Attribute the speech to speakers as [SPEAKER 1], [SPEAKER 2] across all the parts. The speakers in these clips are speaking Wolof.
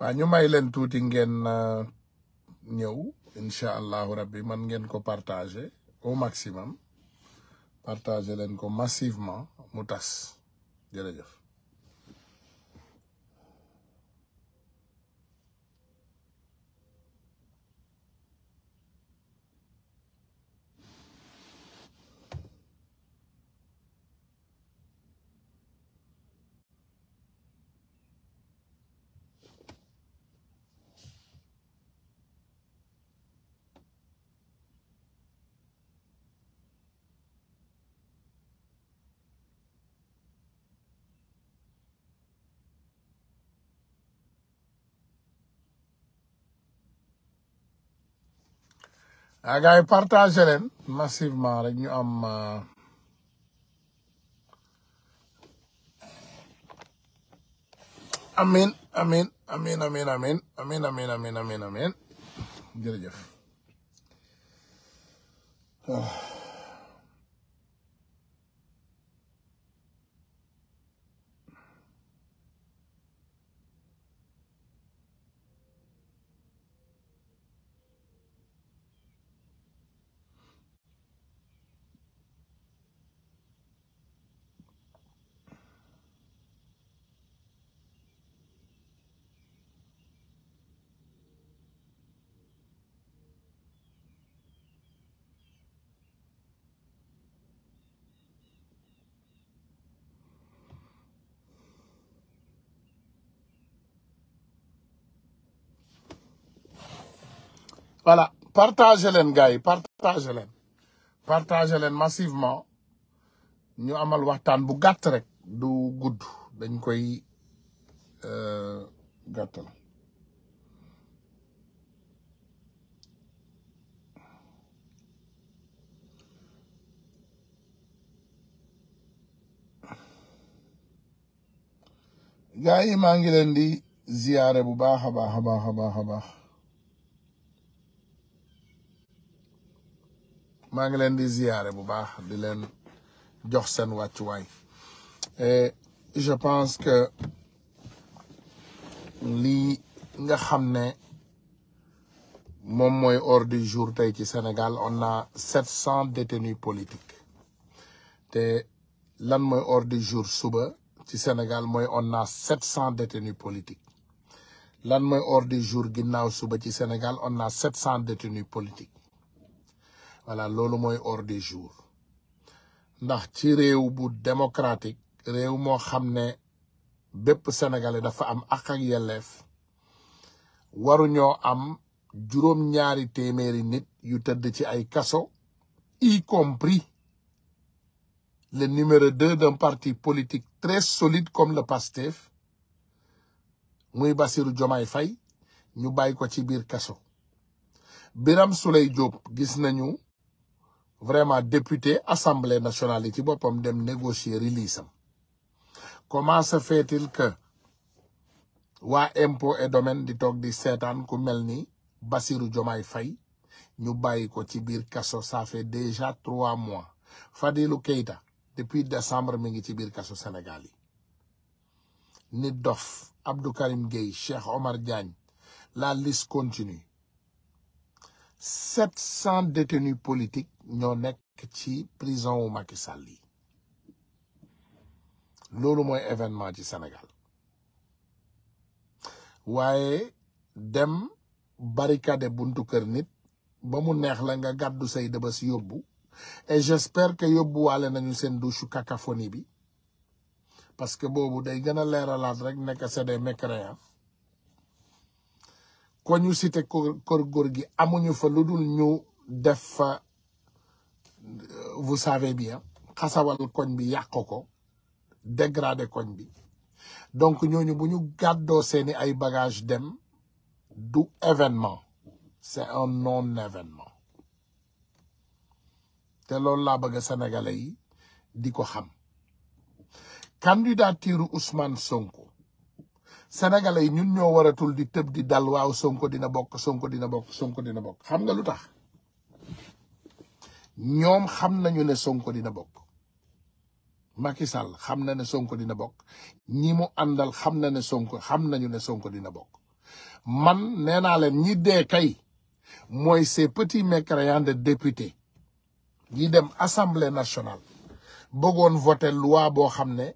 [SPEAKER 1] waaw ñu may leen tuuti ngeen euh, ñëw incha allahu rabbi man ngeen ko partager au maximum partager leen ko massivement mu tas ah gars yi partagé leen massivement rek ñu am euh, amin amin amin amin amin amin amin amin amin jërëjëf oh. voilà partagé leen gars yi partagé leen partage leen massivement ñu amal waxtaan bu gàtt rek du gudd dañ koy euh, gàttal gars yi maa ngi leen di ziyaare bu baax a baax a baax a baax a baax maa ngi leen di ziyaare bu baax di leen jox seen wàccuwaay et eh, je pense que lii nga xam ne moom mooy ordre du jour tey ci Sénégal on a sept cent détenus te lan mooy ordre du jour suba ci Sénégal mooy on a sept cent détenus politiques lan mooy ordre du jour ginnaaw suba ci Sénégal on a sept cent détenus politiques voilà loolu mooy ordre du jour ndax ci réew bu démocratique réew moo xam ne bépp sénégalais dafa am ak ak yelleef waruñoo am juróom-ñaari téeméeri nit yu tëdd ci ay kaso y compris le numéro deux d'un parti politique très solide comme le PASTEF muy Bassirou Diomaye fay ñu bàyyi ko ci biir kaso Biram Souleye Diop gis nañu vraiment député assemblée nationale yi ci boppam dem négocier release am comment se fait-il que waa impôt et domaine di toog di seetaan ku mel ni Bassirou Diomaye Faye ñu bàyyi ko ci biir kaso ça fait déjà trois mois Fadilou Keita depuis décembre mi ngi ci biir kaso Sénégal yi nit dof Abdou Karim Gueye Cheikh Omar Diagne la liste continue sept cent détenus politiques ñoo nekk ci prison wu Macky Sall yi loolu mooy événement ci Sénégal waaye dem barricade buntu kër nit ba mu neex la nga gàddu say dëbës yóbbu et j'espère que yóbbuwaale nañu seen douche cacophonie bi parce que boobu day gën a leeralaat rek nekk c'est des mécréants ko ñu ko kër góor gi amuñu fa lu dul ñu def fa euh, vous savez bien xasawal koñ bi yàq ko dégradé koñ bi donc ñooñu bu ñu gàddoo seeni ay bagages dem du événement c'est un non événement te loolu la bëgg sénégalais yi di ko xam candidature Ousmane Sonko sénégalais yi ñun ñoo waratul di tëb di dal waaw sonko dina bokk sonko dina bokk sonko dina bokk xam na lu tax ñoom xam nañu ne sonko dina bokk Macky Sall xam na ne sonko dina bokk ñi mu àndal xam na ne sonko xam nañu ne sonko dina bokk man nee naa leen ñi dee kay mooy ces petits mécréants de députés yi dem assemblée nationale bëggoon vote loi boo xam ne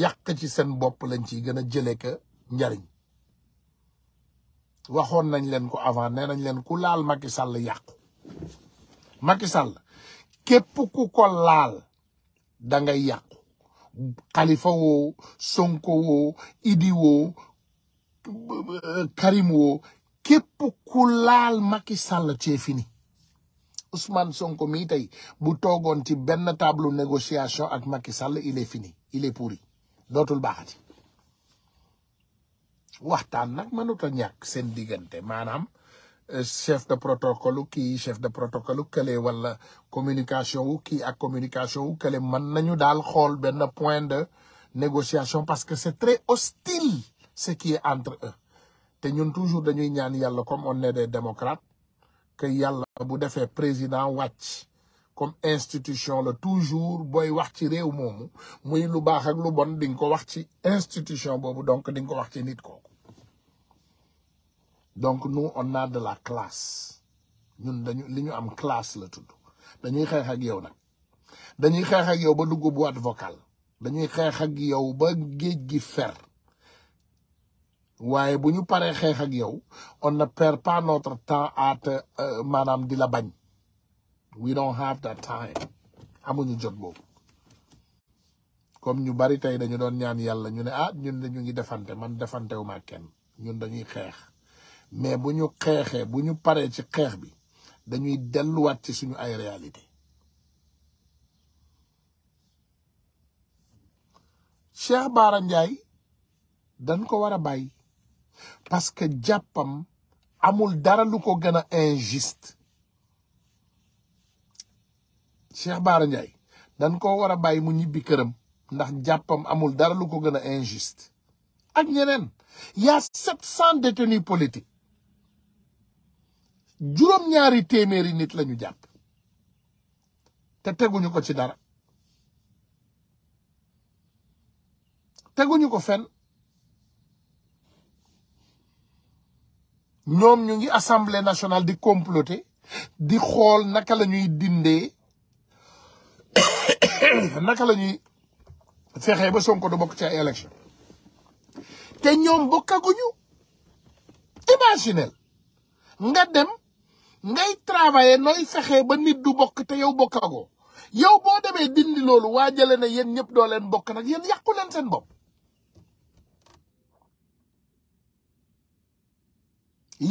[SPEAKER 1] yàq ci seen bopp lañ ciy gën a jëlee ka njariñ waxoon nañ leen ko avant nee nañ leen ku laal maki Sall yàqu maki Sall képp ku ko laal da ngay yàqu Khalifa woo Sonko woo Idi woo Karim woo képp ku laal Macky Sall cee fini Ousmane Sonko mii tey bu toogoon ci benn table négociation ak maki Sall il est fini il est pourri dootul baaxati waxtaan nag mënut a ñàkk seen diggante maanaam euh, chef de protocole kii chef de protocole kële wala communication wu kii ak communication wu kële mën nañu daal xool benn point de négociation parce que c'est très hostile ce qui est entre eux te ñun toujours dañuy ñaan yàlla comme on est des démocrates que yàlla bu defee président wàcc comme institution la toujours booy wax ci réew moomu muy lu baax ak lu bon di nga ko wax ci institution boobu donc di nga ko wax ci nit kooku donc nous on a de la classe ñun dañu li ñu am classe la tudd dañuy xeex ak yow nag dañuy xeex ak yow ba dugg boîte vocale dañuy xeex ak yow ba géej gi fer waaye bu ñu paree xeex ak yow on na per pas notre temps à te euh, maanaam di la bañ we don't have that time amuñu jot boobu comme ñu bari tey dañu doon ñaan yàlla ñu ne ah ñun de ñu ngi defante man defantewu ma kenn ñun dañuy xeex. mais bu ñu xeexee bu ñu paree ci xeex bi dañuy delluwaat ci suñu ay réalité Cheikh Bara Ndiaye dañ ko war a bàyyi parce que jàppam amul dara lu ko gën a injuste Cheikh baara Ndiaye dañ ko war a bàyyi mu ñibbi këram ndax jàppam amul dara lu ko gën a injuste ak ñeneen y a sept cent détenus politiques juróom-ñaari téeméeri nit lañu ñu jàpp te teguñu ko ci dara teguñu ko fen ñoom ñu ngi assemblée nationale di comploter di xool naka lañuy ñuy dindee naka la ñuy fexee ba Sonko du bokk ci ay élection te ñoom bokkaguñu imaginel nga dem ngay travailler nooy fexe ba nit du bokk te yow bokkagoo yow boo demee dindi loolu waa jële na yéen ñëpp doo leen bokk nag yen yàqu leen seen bopp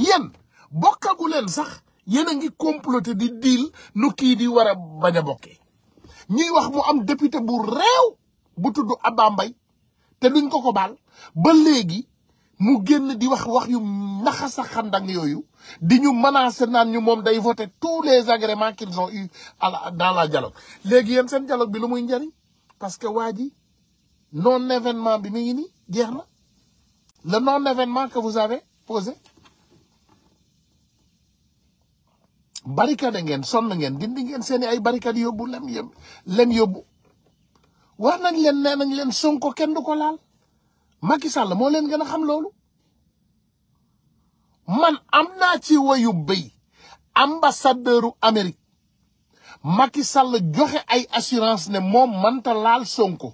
[SPEAKER 1] yéen bokkagu leen sax yéen a ngi comploté di diil nu kii di war a bañ a bokkee ñuy wax mu am député bu réew bu tudd Abba Mbaye te duñ ko ko baal ba léegi mu génn di wax wax yu naxasa xandang yooyu di ñu menacer naan ñu moom day voter tous les agréments qu'ils ont eu à la dans la dialogue léegi yéen seen dialogue bi lu muy njëriñ parce que waa ji non événement bi mu ngi jeex na le non événement que vous avez posé barricade ngeen sonn ngeen dindi ngeen seeni ay barricade yóbbu lem yóbbu lem yóbbu wax nañ leen nee nañ leen Sonko kenn du ko laal Macky Sall moo leen gën a xam loolu man am naa ci yu béy ambassadeuru Amérique Macky Sall joxe ay assurance ne moom mënta laal Sonko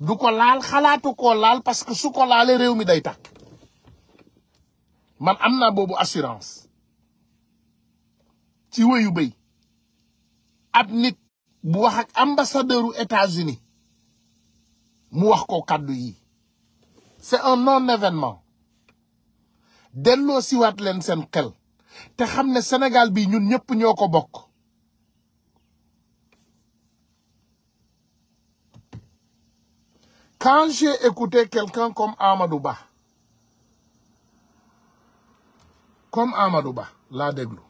[SPEAKER 1] du ko laal xalaatu koo laal parce que su ko laalee réew mi day takk man am naa boobu assurance ci yu béy ab nit bu wax ak ambassadeuru États-Unis mu wax ko kàddu yi c'est un non événement delloo siwaat leen seen xel te xam ne Sénégal bi ñun ñëpp ñoo ko bokk quand j'ai écouté quelqu'un comme Amadou Ba comme Amadou Ba laa déglu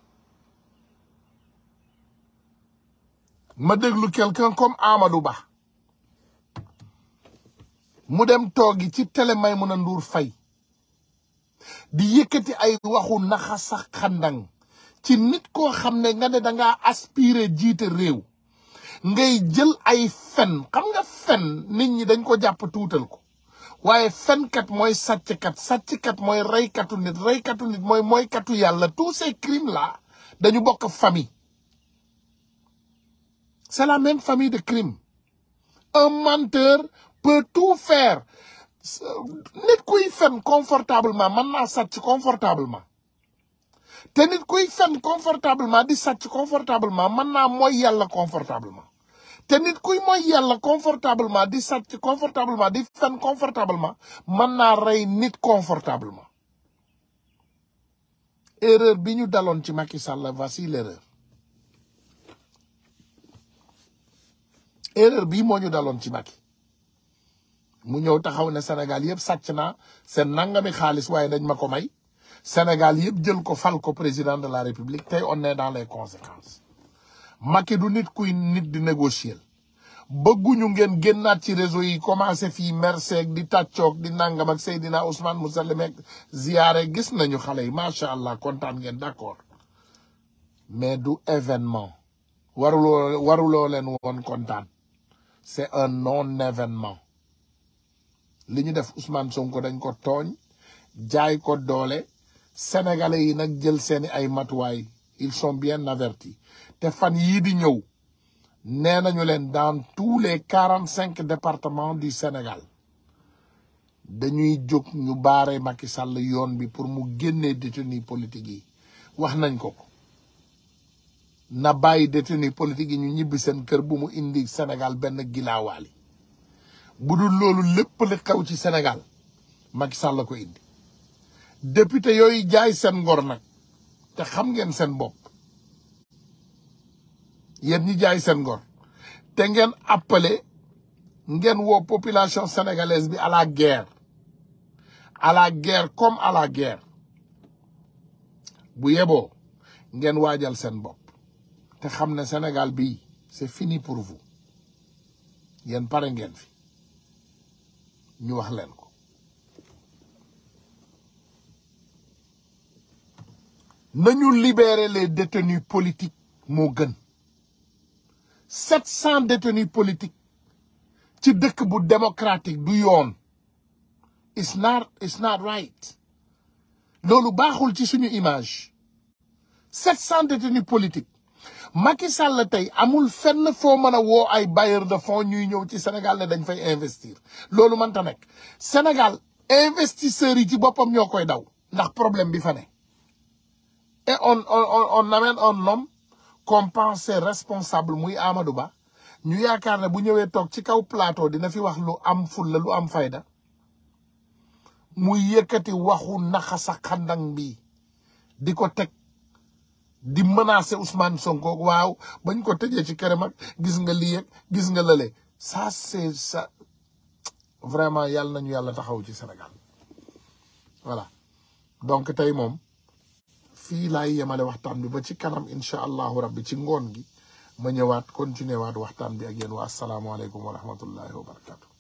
[SPEAKER 1] ma déglu quelqu'un comme Amadou Ba mu dem toogi ci télé Maïmouna Ndour fay di yëkkati ay waxu naxasa ci nit koo xam ne nga ne dangaa aspirer jiite réew ngay jël ay fen xam nga fen nit ñi dañ ko jàpp tuutal ko waaye fenkat mooy sàcckat sàcckat mooy reykatu nit reykatu nit mooy mooykatu yàlla tous ces crimes là dañu bokk famille c'est la même famille de crimes un menteur peut tout faire nit kuy fen confortablement man naa sàcc confortablement te nit kuy fen confortablement di sàcc confortablement mën naa mooy yàlla confortablement te kuy mooy yàlla confortablement di sàcc confortablement di fen confortablement man naa rey nit confortablement erreur bi ñu daloon ci Macky Sall voici l'erreur erreur bii moo ñu daloon ci Macky mu ñëw taxaw ne Sénégal yëpp sàcc naa seen nangami xaalis waaye dañ ma ko may Sénégal yëpp jël ko fal ko président de la République tey on est dans les conséquence Macky du nit kuy nit di négocier bëgguñu ngeen génnaat ci réseau yi commencé fii mercer di tàccoog di nangam ak Seydina Ousmane Moussa Lemek ziyaare gis nañu xale yi macha allah kontaan ngeen d'accord mais du événement waruloo waruloo leen woon kontaan c'est un non événement li ñu def Ousmane Sonko dañ ko tooñ jaay ko doole sénégalais yi nag jël seeni ay matuwaay ils sont bien avertis te fan yii di ñëw nee nañu leen dans tous les quarante cinq départements du senegal dañuy jóg ñu baare Macky Sall yoon bi pour mu génnee détenus politiques yi wax nañ ko na bàyyi détenus politiques yi ñu ñibbi seen kër bu mu indi senegal benn gilaawaali bu dul loolu lépp li xew ci Sénégal Macky Sall la ko indi député yooyu jaay seen ngor nag te xam ngeen seen bopp yéen ñi jaay seen ngor te ngeen appelé ngeen woo population sénégalaise bi à la guerre à la guerre comme à la guerre bu yeboo ngeen waajal seen bopp te xam ne Sénégal bi c'est fini pour vous yéen pare ngeen fi ñu wax leen ko nañu libérer les détenus politiques moo gën sept cent détenus politiques ci dëkk bu démocratique du yoon it's not it's right loolu baaxul ci suñu image sept cent détenus politiques Macky Sall tey amul fenn foo mën a woo ay bailleurs de fonds ñuy ñëw ci Sénégal ne dañ fay investir loolu mën ta nekk Sénégal investisseurs yi ci boppam ñoo koy daw ndax problème bi fa ne et on on on amène un homme qu'on pense responsable muy Amadou Ba ñu yaakaar ne bu ñëwee toog ci kaw plateau dina fi wax lu am fulla lu am fayda muy yëkkati waxu naxa sa xandang bi di ko teg di menacer Ousmane Sonko waaw bañ ko tëjee ci këram ak gis nga lii ak gis nga lële ça c'est sa vraiment yàlla nañu yàlla taxaw ci senegal voilà donc tey moom fii laay yemale waxtaan bi ba ci kanam incha allahu rabbi ci ngoon gi ma ñëwaat continuer waat waxtaan bi ak waa wa asalaamualeykum wa rahmatullahi wa barakatu